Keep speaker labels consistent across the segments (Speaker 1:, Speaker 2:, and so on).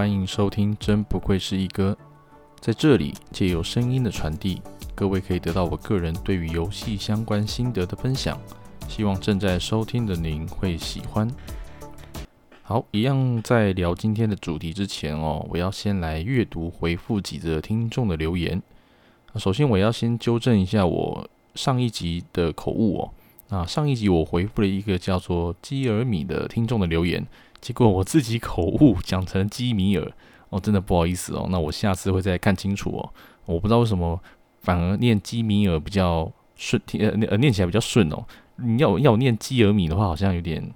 Speaker 1: 歡迎收聽，真不愧是一哥，在這裡借由聲音的傳遞，各位可以得到我個人對於遊戲相關心得的分享，希望正在收聽的您會喜歡。好，一樣在聊今天的主題之前哦，我要先來閱讀回復幾則聽眾的留言。首先，我要先糾正一下我上一集的口誤哦。啊，上一集我回復了一個叫做基爾米的聽眾的留言。結果我自己口誤講成基米爾哦，真的不好意思哦。那我下次會再看清楚哦。我不知道為什麼反而念基米爾比較順聽呃呃，念起來比較順哦。你要要念基爾米的話，好像有點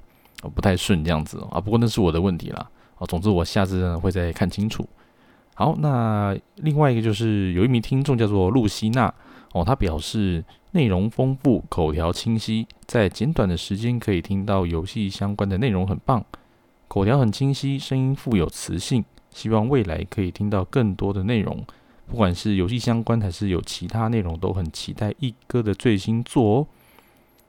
Speaker 1: 不太順這樣子哦，啊。不過那是我的問題啦。哦，總之我下次呢會再看清楚。好，那另外一個就是有一名聽眾叫做露西娜哦，他表示內容豐富，口條清晰，在簡短的時間可以聽到遊戲相關的內容，很棒。口條很清晰，聲音富有磁性，希望未來可以聽到更多的內容，不管是遊戲相關還是有其他內容，都很期待一哥的最新作哦。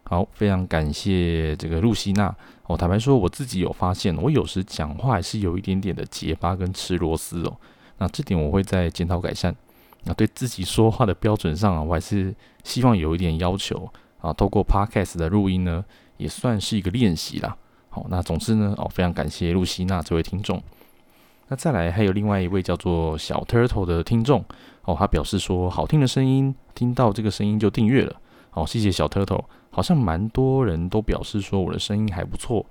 Speaker 1: 好，非常感謝這個露西娜。我、哦、坦白說，我自己有發現，我有時講話還是有一點點的結巴跟吃螺絲哦。那這點我會再檢討改善。那對自己說話的標準上啊，我還是希望有一點要求啊。透過 Podcast 的錄音呢，也算是一個練習啦。好，那總之呢，哦，非常感謝露西娜這位聽眾。那再來還有另外一位叫做小 turtle 的聽眾，哦，他表示說好聽的聲音，聽到這個聲音就訂閱了。哦，謝謝小 turtle。好像蠻多人都表示說我的聲音還不錯。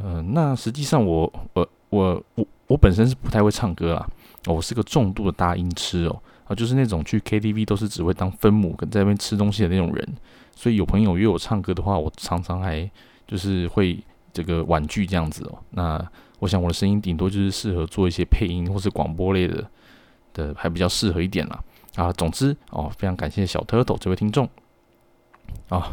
Speaker 1: 嗯、呃，那實際上我，我、我我我本身是不太會唱歌啦、啊，我是個重度的大音痴哦，啊，就是那種去 KTV 都是只會當分母跟在那邊吃東西的那種人。所以有朋友約我唱歌的話，我常常還就是會。這個玩具這樣子哦，那我想我的聲音頂多就是適合做一些配音或是廣播類的的，還比較適合一點啦。啊，總之哦，非常感謝小 Turtle 這位聽眾啊，哦，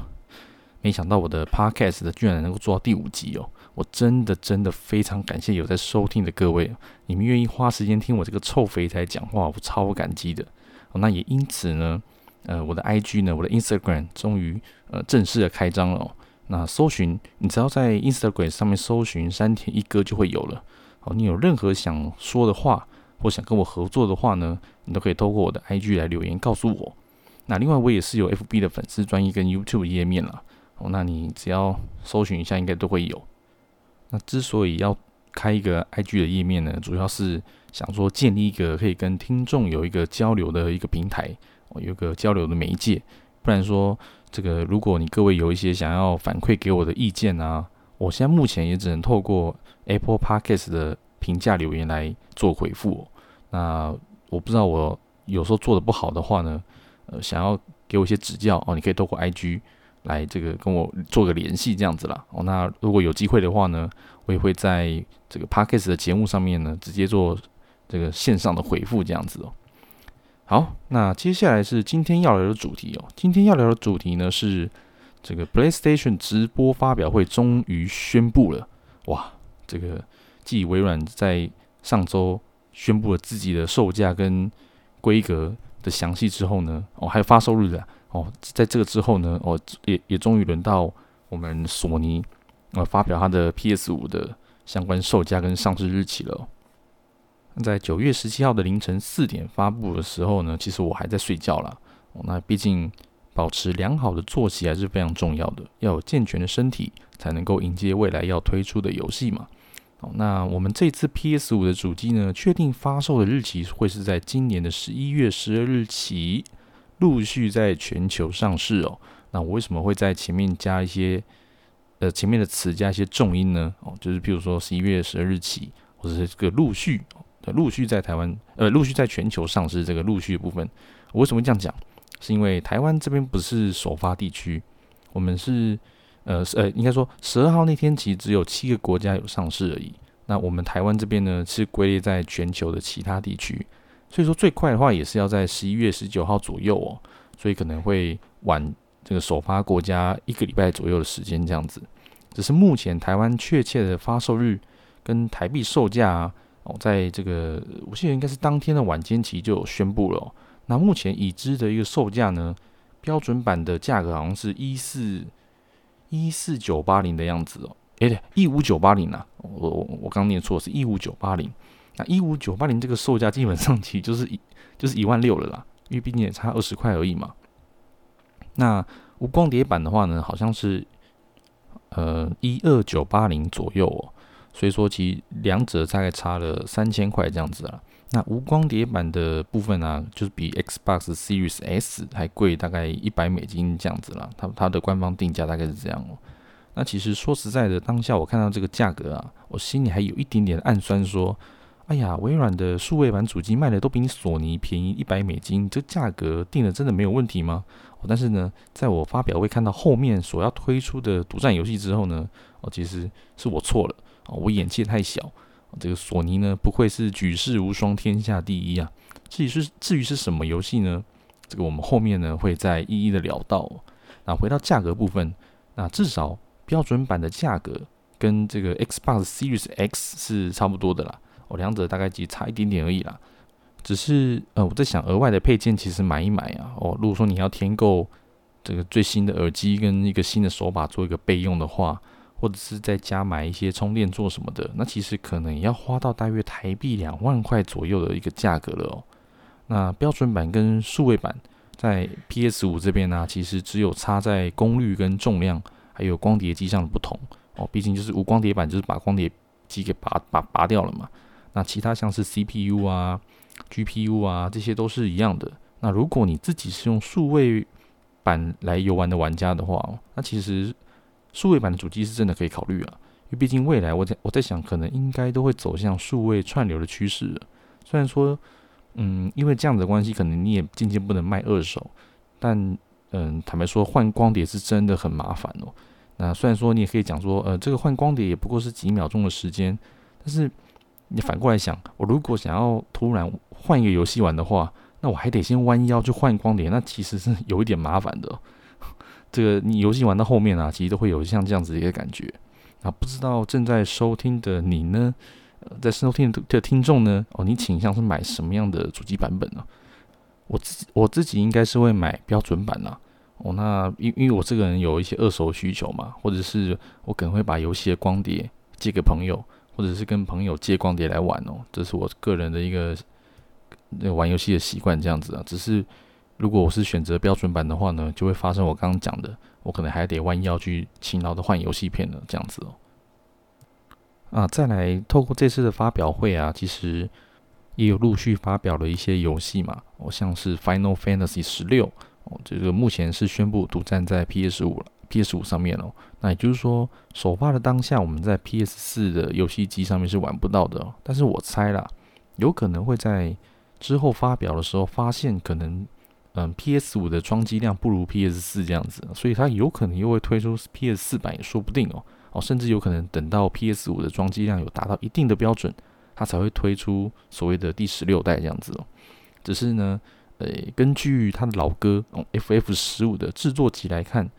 Speaker 1: 沒想到我的 podcast 的居然能夠做到第五集哦，我真的真的非常感謝有在收聽的各位，你們願意花時間聽我這個臭肥仔講話，我超感激的。哦。那也因此呢，呃，我的 IG 呢，我的 Instagram 終於呃正式的開張了哦。那搜尋，你只要在 Instagram 上面搜尋山田一哥就會有了。好，你有任何想說的話，或想跟我合作的話呢，你都可以透過我的 IG 來留言告訴我。那另外我也是有 FB 的粉絲專頁跟 YouTube 頁面了。哦，那你只要搜尋一下，應該都會有。那之所以要開一個 IG 的頁面呢，主要是想說建立一個可以跟聽眾有一個交流的一個平台，哦，有一個交流的媒介，不然說。這個，如果你各位有一些想要反饋給我的意見啊，我現在目前也只能透過 Apple Podcast 的評價留言來做回復哦。那我不知道我有時候做得不好的話呢，呃，想要給我一些指教哦，你可以透過 IG 來這個跟我做個聯繫這樣子啦。哦，那如果有機會的話呢，我也會在這個 Podcast 的節目上面呢，直接做這個線上的回復這樣子哦。好，那接下來是今天要聊的主題哦。今天要聊的主題呢是這個 PlayStation 直播發表會終於宣布了哇！這個繼微軟在上周宣布了自己的售價跟規格的詳細之後呢，哦，還有發售日的哦，在這個之後呢，哦，也也終於輪到我們索尼呃發表它的 PS5 的相關售價跟上市日期了哦。在九月十七號的凌晨四點發布的時候呢，其實我還在睡覺啦。那畢竟保持良好的作息還是非常重要的，要有健全的身體才能夠迎接未來要推出的遊戲嘛。哦，那我們這次 PS 五的主機呢，確定發售的日期會是在今年的十一月十二日起陸續在全球上市哦、喔。那我為什麼會在前面加一些呃前面的詞加一些重音呢？哦，就是譬如說十一月十二日起，或者是這個陸續。陸續在台灣，呃，陸續在全球上市。這個陸續的部分，我為什麼會這樣講？是因為台灣這邊不是首發地區，我們是，呃，呃，應該說十二號那天其實只有七個國家有上市而已。那我們台灣這邊呢，是歸類在全球的其他地區，所以說最快的話也是要在十一月十九號左右哦、喔。所以可能會晚這個首發國家一個禮拜左右的時間這樣子。只是目前台灣確切的發售日跟台幣售價、啊。哦，在這個，我現在應該是當天的晚間期就有宣布了喔。那目前已知的一個售價呢，標準版的價格好像是一四一四九八零的樣子喔，欸，對，一五九八零啊，我我我剛念錯，是一五九八零。那一五九八零這個售價基本上其實就是一就是一萬六了啦，因為畢竟也差二十塊而已嘛。那無光碟版的話呢，好像是呃一二九八零左右喔。所以說，其實兩者大概差了三千塊這樣子啦。那無光碟版的部分呢、啊，就是比 Xbox Series S 還貴大概一百美金這樣子啦，它它的官方定價大概是這樣、喔。那其實說實在的，當下我看到這個價格啊，我心裡還有一點點暗酸，說：“哎呀，微軟的數位版主機賣的都比你索尼便宜一百美金，這價格定的真的沒有問題嗎、哦？”但是呢，在我發表會看到後面所要推出的獨占遊戲之後呢，哦，其實是我錯了。啊，我眼界太小，這個索尼呢，不愧是舉世無雙，天下第一啊！至於是至於是什麼遊戲呢？這個我們後面呢會再一一的聊到。那回到價格部分，那至少標準版的價格跟這個 Xbox Series X 是差不多的啦。哦，兩者大概只差一點點而已啦。只是呃，我在想額外的配件其實買一買啊。哦，如果說你要添購這個最新的耳機跟一個新的手把做一個備用的話。或者是在家買一些充電座什麼的，那其實可能也要花到大約台幣兩萬塊左右的一個價格了哦。那標準版跟數位版在 PS 五這邊呢，啊，其實只有差在功率跟重量，還有光碟機上的不同哦。畢竟就是無光碟版，就是把光碟機給拔拔拔掉了嘛。那其他像是 CPU 啊、GPU 啊這些都是一樣的。那如果你自己是用數位版來遊玩的玩家的話，那其實。數位版的主機是真的可以考慮啊，因為畢竟未來我在我在想，可能應該都會走向數位串流的趨勢。雖然說，嗯，因為這樣子的關係，可能你也漸漸不能賣二手。但，嗯，坦白說，換光碟是真的很麻煩哦、喔。那雖然說你也可以講說，呃，這個換光碟也不過是幾秒鐘的時間。但是你反過來想，我如果想要突然換一個遊戲玩的話，那我還得先彎腰去換光碟，那其實是有一點麻煩的、喔。這個你遊戲玩到後面啊，其實都會有像這樣子的一個感覺啊。不知道正在收聽的你呢，在收聽的、的聽眾呢？哦，你傾向是買什麼樣的主機版本呢、啊？我自我自己應該是會買標準版的哦，那因因為我這個人有一些二手需求嘛，或者是我可能會把遊戲的光碟借給朋友，或者是跟朋友借光碟來玩哦。這是我個人的一個、這個、玩遊戲的習慣這樣子啊，只是。如果我是選擇標準版的話呢，就會發生我剛剛講的，我可能還得彎腰去勤勞的換遊戲片呢。這樣子哦。啊，再來透過這次的發表會啊，其實也有陸續發表了一些遊戲嘛，我、哦、像是《Final Fantasy 十六》，這個目前是宣布獨佔在 PS 五 PS 五上面哦。那也就是說，首發的當下，我們在 PS 四的遊戲機上面是玩不到的、哦。但是我猜啦，有可能會在之後發表的時候發現可能。嗯，PS5 的裝機量不如 PS4 這樣子，所以它有可能又會推出 PS4 版也說不定哦。哦，甚至有可能等到 PS5 的裝機量有達到一定的標準，它才會推出所謂的第十六代這樣子哦。只是呢，呃、欸，根據它的老哥、哦、FF15 的製作集來看，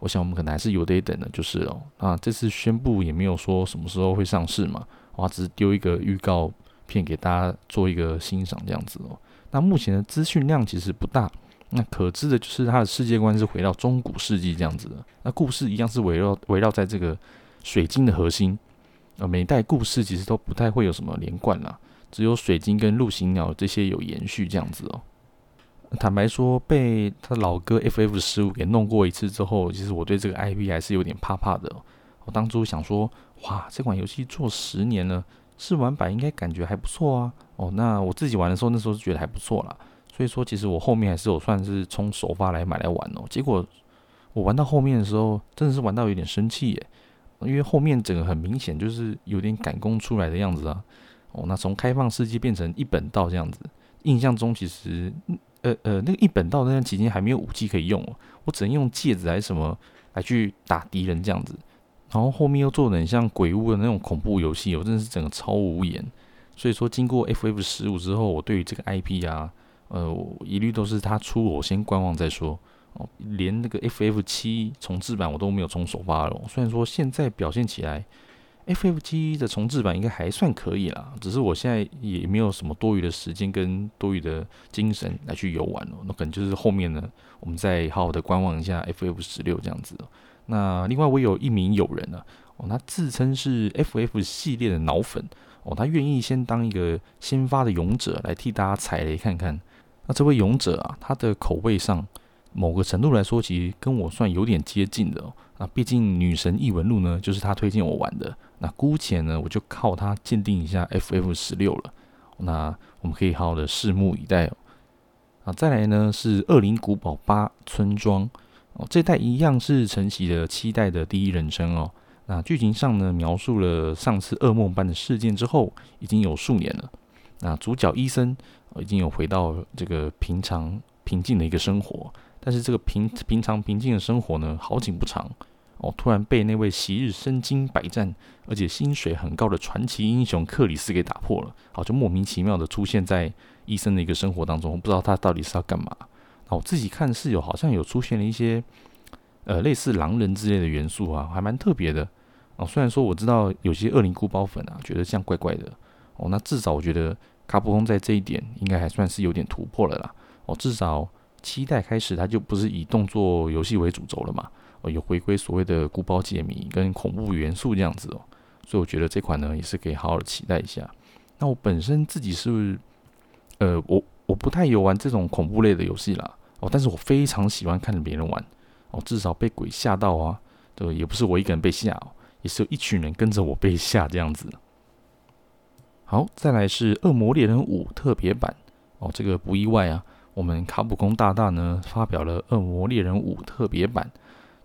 Speaker 1: 我想我們可能還是有得等的，就是哦，啊，這次宣布也沒有說什麼時候會上市嘛，我、哦、只是丟一個預告片給大家做一個欣賞這樣子哦。那目前的資訊量其實不大。那可知的就是它的世界觀是回到中古世紀這樣子的，那故事一樣是圍繞圍繞在這個水晶的核心，呃，每一代故事其實都不太會有什麼連貫啦，只有水晶跟陸行鳥這些有延續這樣子哦、喔。坦白說，被他老哥 FF 十五給弄過一次之後，其實我對這個 IP 還是有點怕怕的、喔。我當初想說，哇，這款遊戲做十年了，試玩版應該感覺還不錯啊。哦、喔，那我自己玩的時候，那時候就覺得還不錯啦。所以說，其實我後面還是有算是從首發來買來玩哦。結果我玩到後面的時候，真的是玩到有點生氣耶，因為後面整個很明顯就是有點趕工出來的樣子啊。哦，那從開放世界變成一本道這樣子，印象中其實呃呃，那個一本道那段時間還沒有武器可以用。我只能用戒指還是什麼來去打敵人這樣子。然後後面又做的很像鬼屋的那種恐怖遊戲，我真的是整個超無言。所以說，經過 FF 十五之後，我對於這個 IP 啊。呃，我一律都是他出，我先觀望再說。哦，連那個 FF 七重置版我都沒有衝首發了。雖然說現在表現起來，FF 七的重置版應該還算可以啦，只是我現在也沒有什麼多餘的時間跟多餘的精神來去遊玩了。那可能就是後面呢，我們再好好的觀望一下 FF 十六這樣子。那另外我有一名友人呢、啊，哦，他自稱是 FF 系列的腦粉，哦，他願意先當一個先發的勇者來替大家踩雷看看。那這位勇者啊，他的口味上某個程度來說，其實跟我算有點接近的哦、喔。那畢竟《女神異聞錄》呢，就是他推薦我玩的。那姑且呢，我就靠他鑑定一下 FF 十六了。那我們可以好好的拭目以待哦、喔。啊。再來呢是《惡靈古堡八村莊》哦、喔，這一代一樣是承襲了七代的第一人稱哦、喔。那劇情上呢，描述了上次噩夢般的事件之後，已經有數年了。那主角伊森已經有回到這個平常平靜的一個生活，但是這個平平常平靜的生活呢，好景不長哦，突然被那位昔日身經百戰而且薪水很高的傳奇英雄克里斯給打破了。好、哦，就莫名其妙的出現在伊森的一個生活當中，不知道他到底是要幹嘛。那、哦、我自己看是有好像有出現了一些呃類似狼人之類的元素啊，還蠻特別的哦。雖然說我知道有些惡靈古堡粉啊，覺得這樣怪怪的。哦，那至少我覺得卡普空在這一點，應該還算是有點突破了啦。哦，至少七代開始它就不是以動作遊戲為主軸了嘛。哦，有回歸所謂的古堡解謎跟恐怖元素這樣子哦。所以我覺得這款呢也是可以好好的期待一下。那我本身自己是，呃，我我不太有玩這種恐怖類的遊戲啦。哦，但是我非常喜歡看別人玩。哦，至少被鬼嚇到啊，對，也不是我一個人被嚇，哦，也是有一群人跟着我被嚇這樣子。好，再來是《惡魔獵人五》特別版哦，這個不意外啊。我們卡普空大大呢發表了《惡魔獵人五》特別版，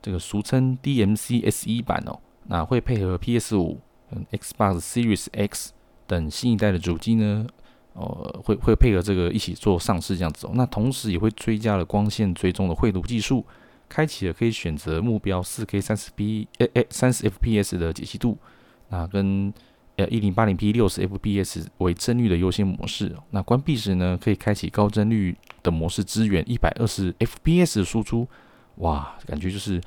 Speaker 1: 這個俗稱 DMCSE 版哦。那會配合 PS 五、嗯 Xbox Series X 等新一代的主機呢，呃、哦，會會配合這個一起做上市這樣子哦。那同時也會追加了光線追蹤的繪圖技術，開啟了可以選擇目標四 K 三十 P 誒誒三十 FPS 的解析度，那跟一零八零 P 六十 FPS 為幀率的優先模式，那關閉時呢，可以開啟高幀率的模式，支援一百二十 FPS 輸出。哇，感覺就是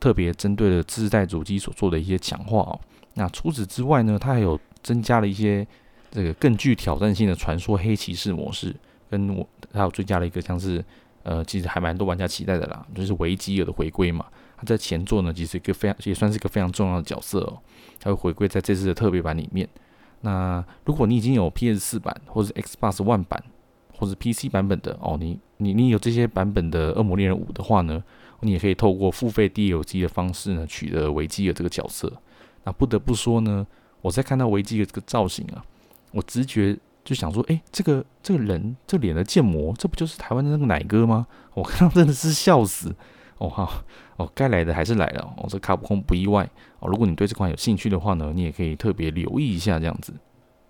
Speaker 1: 特別針對了自帶主機所做的一些強化哦。那除此之外呢，它還有增加了一些這個更具挑戰性的傳說黑騎士模式，跟我還有追加了一個像是呃，其實還蠻多玩家期待的啦，就是維吉爾的回歸嘛。他在前作呢，其實一個非常也算是一個非常重要的角色哦，他會回歸在這次的特別版裡面。那如果你已經有 PS 四版、或者 Xbox One 版、或者 PC 版本的哦，你你你有這些版本的《惡魔獵人5》的話呢，你也可以透過付費 DLC 的方式呢，取得維吉爾這個角色。那不得不說呢，我在看到維吉爾這個造型啊，我直覺就想說，誒，這個這個人這臉的建模，這不就是台灣的那個奶哥嗎？我看到真的是笑死。哦哈，哦該來的還是來了哦，這卡普空不意外哦。如果你對這款有興趣的話呢，你也可以特別留意一下這樣子。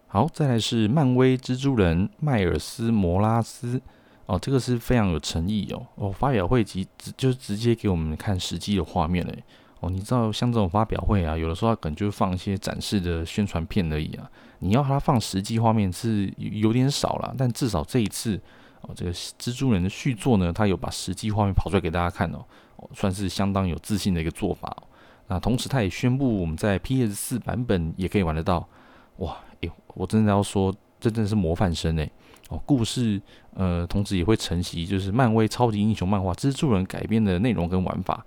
Speaker 1: 好，再來是漫威蜘蛛人邁爾斯摩拉斯哦，這個是非常有誠意哦。哦，發表會即直就是直接給我們看實際的畫面了哦。你知道像這種發表會啊，有的時候可能就放一些展示的宣傳片而已啊。你要他放實際畫面是有，有點少了，但至少這一次，哦，這個蜘蛛人的續作呢，他有把實際畫面跑出來給大家看哦，哦，算是相當有自信的一個做法。哦。那同時，他也宣布我們在 PS4 版本也可以玩得到。哇，哎、欸，我真的要說，這真的是模範生哎、欸。哦，故事呃，同時也會承襲就是漫威超級英雄漫畫蜘蛛人改編的內容跟玩法。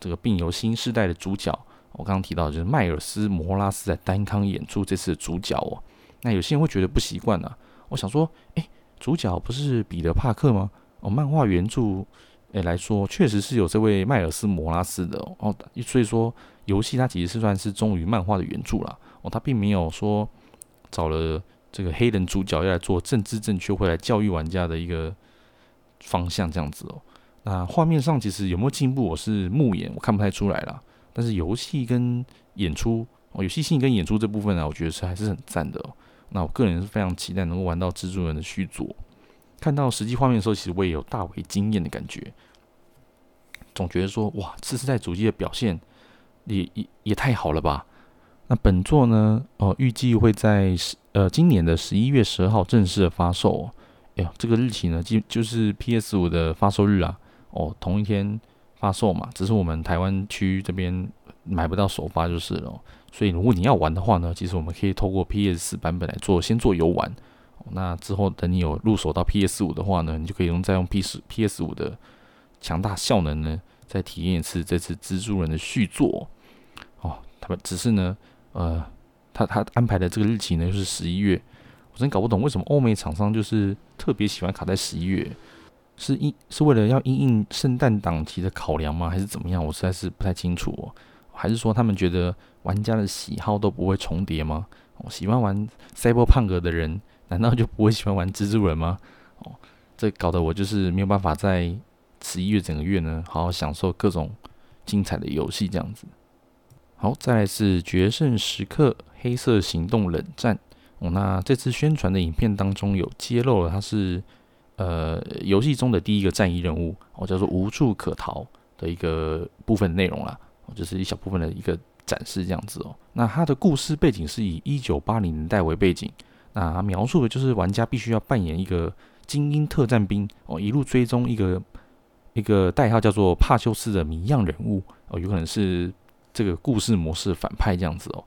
Speaker 1: 這個並由新世代的主角，我剛剛提到就是邁爾斯·摩拉斯在擔綱演出這次的主角哦。那有些人會覺得不習慣啊，我想說，誒、欸。主角不是彼得·帕克嗎？哦，漫畫原著，誒、欸，來說，確實是有這位邁爾斯·摩拉斯的哦。哦，所以說，遊戲它其實是算是忠於漫畫的原著啦。哦。它並沒有說找了這個黑人主角要來做政治正確，會來教育玩家的一個方向這樣子哦。那畫面上其實有沒有進步，我是目眼我看不太出來啦。但是遊戲跟演出哦，遊戲性跟演出這部分啊，我覺得是還是很讚的哦。那我個人是非常期待能夠玩到蜘蛛人的續作，看到實際畫面的時候，其實我也有大為驚艷的感覺，總覺得說哇，次世代主機的表現也也也太好了吧？那本作呢？哦，呃，預計會在十呃今年的十一月十二號正式的發售，哦。哎呦，這個日期呢，就就是 PS 五的發售日啊。哦，同一天發售嘛，只是我們台灣區這邊。買不到首發就是了，所以如果你要玩的話呢，其實我們可以透過 PS 四版本來做，先做遊玩。那之後等你有入手到 PS 五的話呢，你就可以用再用 PS PS 五的強大效能呢，再體驗一次這次蜘蛛人的續作。哦，他們只是呢，呃，他他安排的這個日期呢，就是十一月。我真搞不懂為什麼歐美廠商就是特別喜歡卡在十一月，是因是為了要因應聖誕檔期的考量嗎？還是怎麼樣？我實在是不太清楚哦。還是說他們覺得玩家的喜好都不會重疊嗎？哦，喜歡玩賽博胖哥的人，難道就不會喜歡玩蜘蛛人嗎？哦，這搞得我就是沒有辦法在十一月整個月呢，好好享受各種精彩的遊戲這樣子。好，再來是《決勝時刻：黑色行動冷戰》哦，那這次宣傳的影片當中有揭露了他，它是呃遊戲中的第一個戰役任務，哦叫做“無處可逃”的一個部分內容啦。哦，就是一小部分的一個展示這樣子哦。那它的故事背景是以一九八零年代為背景，那他描述的就是玩家必須要扮演一個精英特戰兵哦，一路追蹤一個一個代號叫做帕修斯的謎樣人物哦，有可能是這個故事模式反派這樣子哦。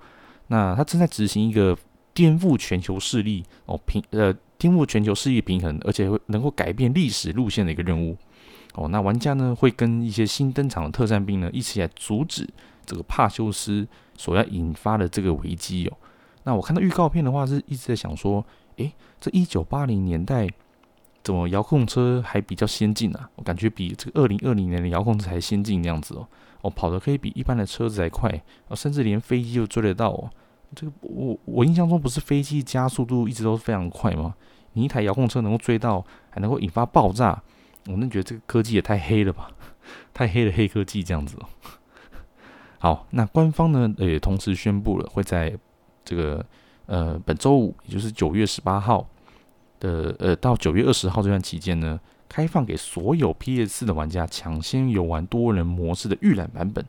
Speaker 1: 那他正在執行一個顛覆全球勢力，哦，平，呃，顛覆全球勢力平衡，而且會能夠改變歷史路線的一個任務。哦，那玩家呢會跟一些新登場的特戰兵呢一起來阻止這個帕修斯所要引發的這個危機哦。那我看到預告片的話，是一直在想說，誒，這一九八零年代怎麼遙控車還比較先進啊？我感覺比這個二零二零年的遙控車還先進那樣子哦。我、哦、跑得可以比一般的車子還快，哦、甚至連飛機都追得到哦。這個我我印象中不是飛機加速度一直都是非常快嗎？你一台遙控車能夠追到，還能夠引發爆炸？我們覺得這個科技也太黑了吧， 太黑的黑科技這樣子，喔。好，那官方呢也同時宣布了，會在這個呃本周五，也就是九月十八號的呃到九月二十號這段期間呢，開放給所有 PS4 的玩家搶先遊玩多人模式的預覽版本。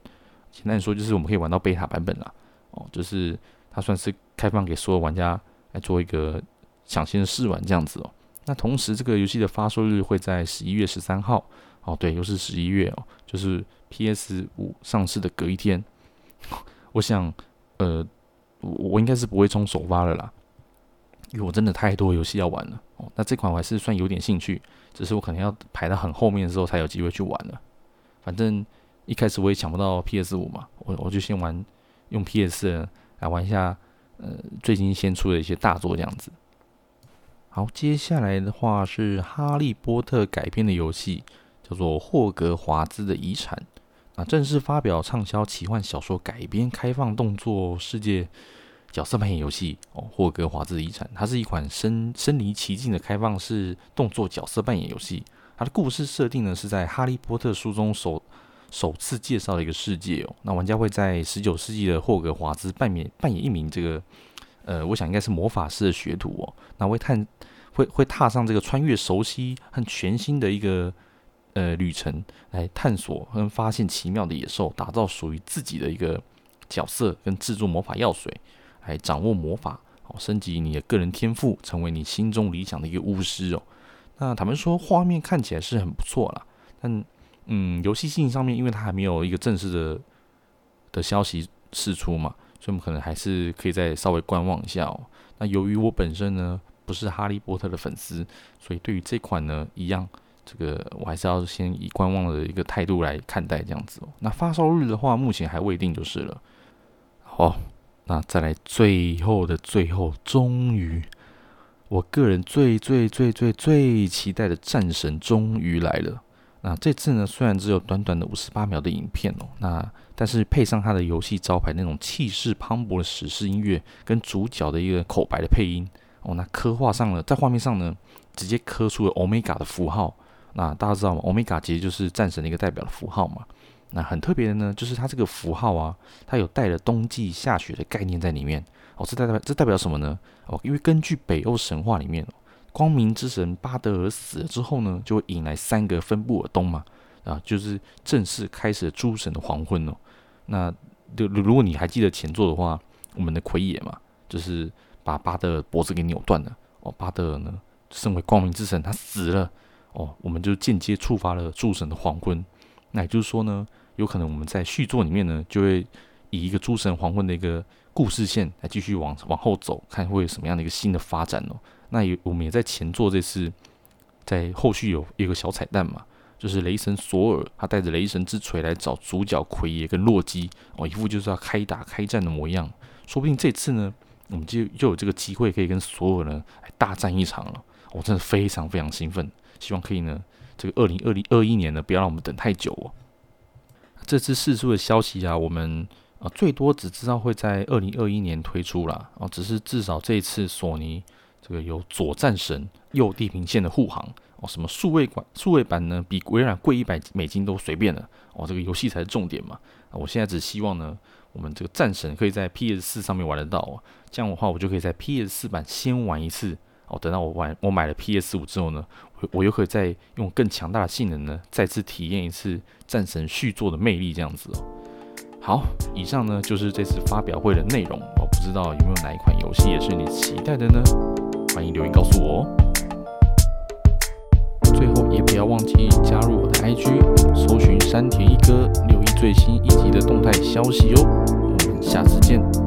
Speaker 1: 簡單來說就是我們可以玩到貝塔版本啦。哦，就是它算是開放給所有玩家來做一個搶先試玩這樣子哦、喔。那同時，這個遊戲的發售日會在十一月十三號哦，對，又是十一月哦，就是 PS 五上市的隔一天。我想，呃，我我應該是不會衝首發了啦，因為我真的太多遊戲要玩了哦。那這款我還是算有點興趣，只是我可能要排到很後面的時候才有機會去玩了。反正一開始我也搶不到 PS 五嘛，我我就先玩用 PS 來玩一下，呃，最近先出的一些大作這樣子。好，接下來的話是《哈利波特》改編的遊戲，叫做《霍格華茲的遺產》。那正式發表，暢銷奇幻小說改編開放動作世界角色扮演遊戲哦，《霍格華茲遺產》它是一款身身臨其境的開放式動作角色扮演遊戲。它的故事設定呢，是在《哈利波特》書中首首次介紹的一個世界哦。那玩家會在十九世紀的霍格華茲扮演扮演一名這個。呃，我想應該是魔法師的學徒哦，那會探會會踏上這個穿越熟悉和全新的一個呃旅程，來探索跟發現奇妙的野獸，打造屬於自己的一個角色，跟製作魔法藥水，來掌握魔法，好升級你的個人天賦，成為你心中理想的一個巫師哦。那他們說畫面看起來是很不錯啦，但嗯，遊戲性上面，因為它還沒有一個正式的的消息釋出嘛。所以，我們可能還是可以再稍微觀望一下哦。那由於我本身呢不是哈利波特的粉絲，所以對於這款呢，一樣，這個我還是要先以觀望的一個態度來看待這樣子哦。那發售日的話，目前還未定，就是了。好，那再來最後的最後，終於，我個人最最最最最最期待的戰神終於來了。那這次呢，雖然只有短短的五十八秒的影片哦，那。但是配上他的遊戲招牌那種氣勢磅礴的史詩音樂，跟主角的一個口白的配音哦，那刻畫上了，在畫面上呢，直接刻出了歐米伽的符號。那大家知道嗎？歐米伽其實就是戰神的一個代表的符號嘛。那很特別的呢，就是它這個符號啊，它有帶了冬季下雪的概念在裡面哦。這代表這代表什麼呢？哦，因為根據北歐神話裡面，光明之神巴德爾死了之後呢，就會引來三個芬布爾冬嘛，啊，就是正式開始了諸神的黃昏哦。那就如如果你還記得前作的話，我們的奎爺嘛，就是把巴德爾脖子給扭斷了哦。巴德爾呢，身為光明之神，他死了哦。我們就間接觸發了諸神的黃昏。那也就是說呢，有可能我們在續作裡面呢，就會以一個諸神黃昏的一個故事線來繼續往往後走，看會有什麼樣的一個新的發展哦。那也我們也在前作這次在後續有一個小彩蛋嘛。就是雷神索爾，他帶着雷神之錘來找主角奎爺跟洛基，哦，一副就是要開打、開戰的模樣。說不定這次呢，我們就又有這個機會可以跟索爾呢，來大戰一場了。我、哦、真的非常非常興奮，希望可以呢，這個二零二零二一年呢，不要讓我們等太久哦。啊、這次釋出的消息啊，我們啊，最多只知道會在二零二一年推出啦，哦、啊，只是至少這一次，索尼這個有左戰神、右地平線的護航，哦、什麼數位管數位版呢？比微軟貴一百美金都隨便了。哦，這個遊戲才是重點嘛。啊、我現在只希望呢，我們這個戰神可以在 PS 四上面玩得到、哦、這樣的話，我就可以在 PS 四版先玩一次。哦，等到我玩我買了 PS 五之後呢我，我又可以再用更強大的性能呢，再次體驗一次戰神續作的魅力。這樣子哦。好，以上呢就是這次發表會的內容。我、哦、不知道有沒有哪一款遊戲也是你期待的呢？歡迎留言告訴我、哦。最後也不要忘記加入我的 IG，搜尋山田一哥，留意最新一集的動態消息喲、哦。我們下次見。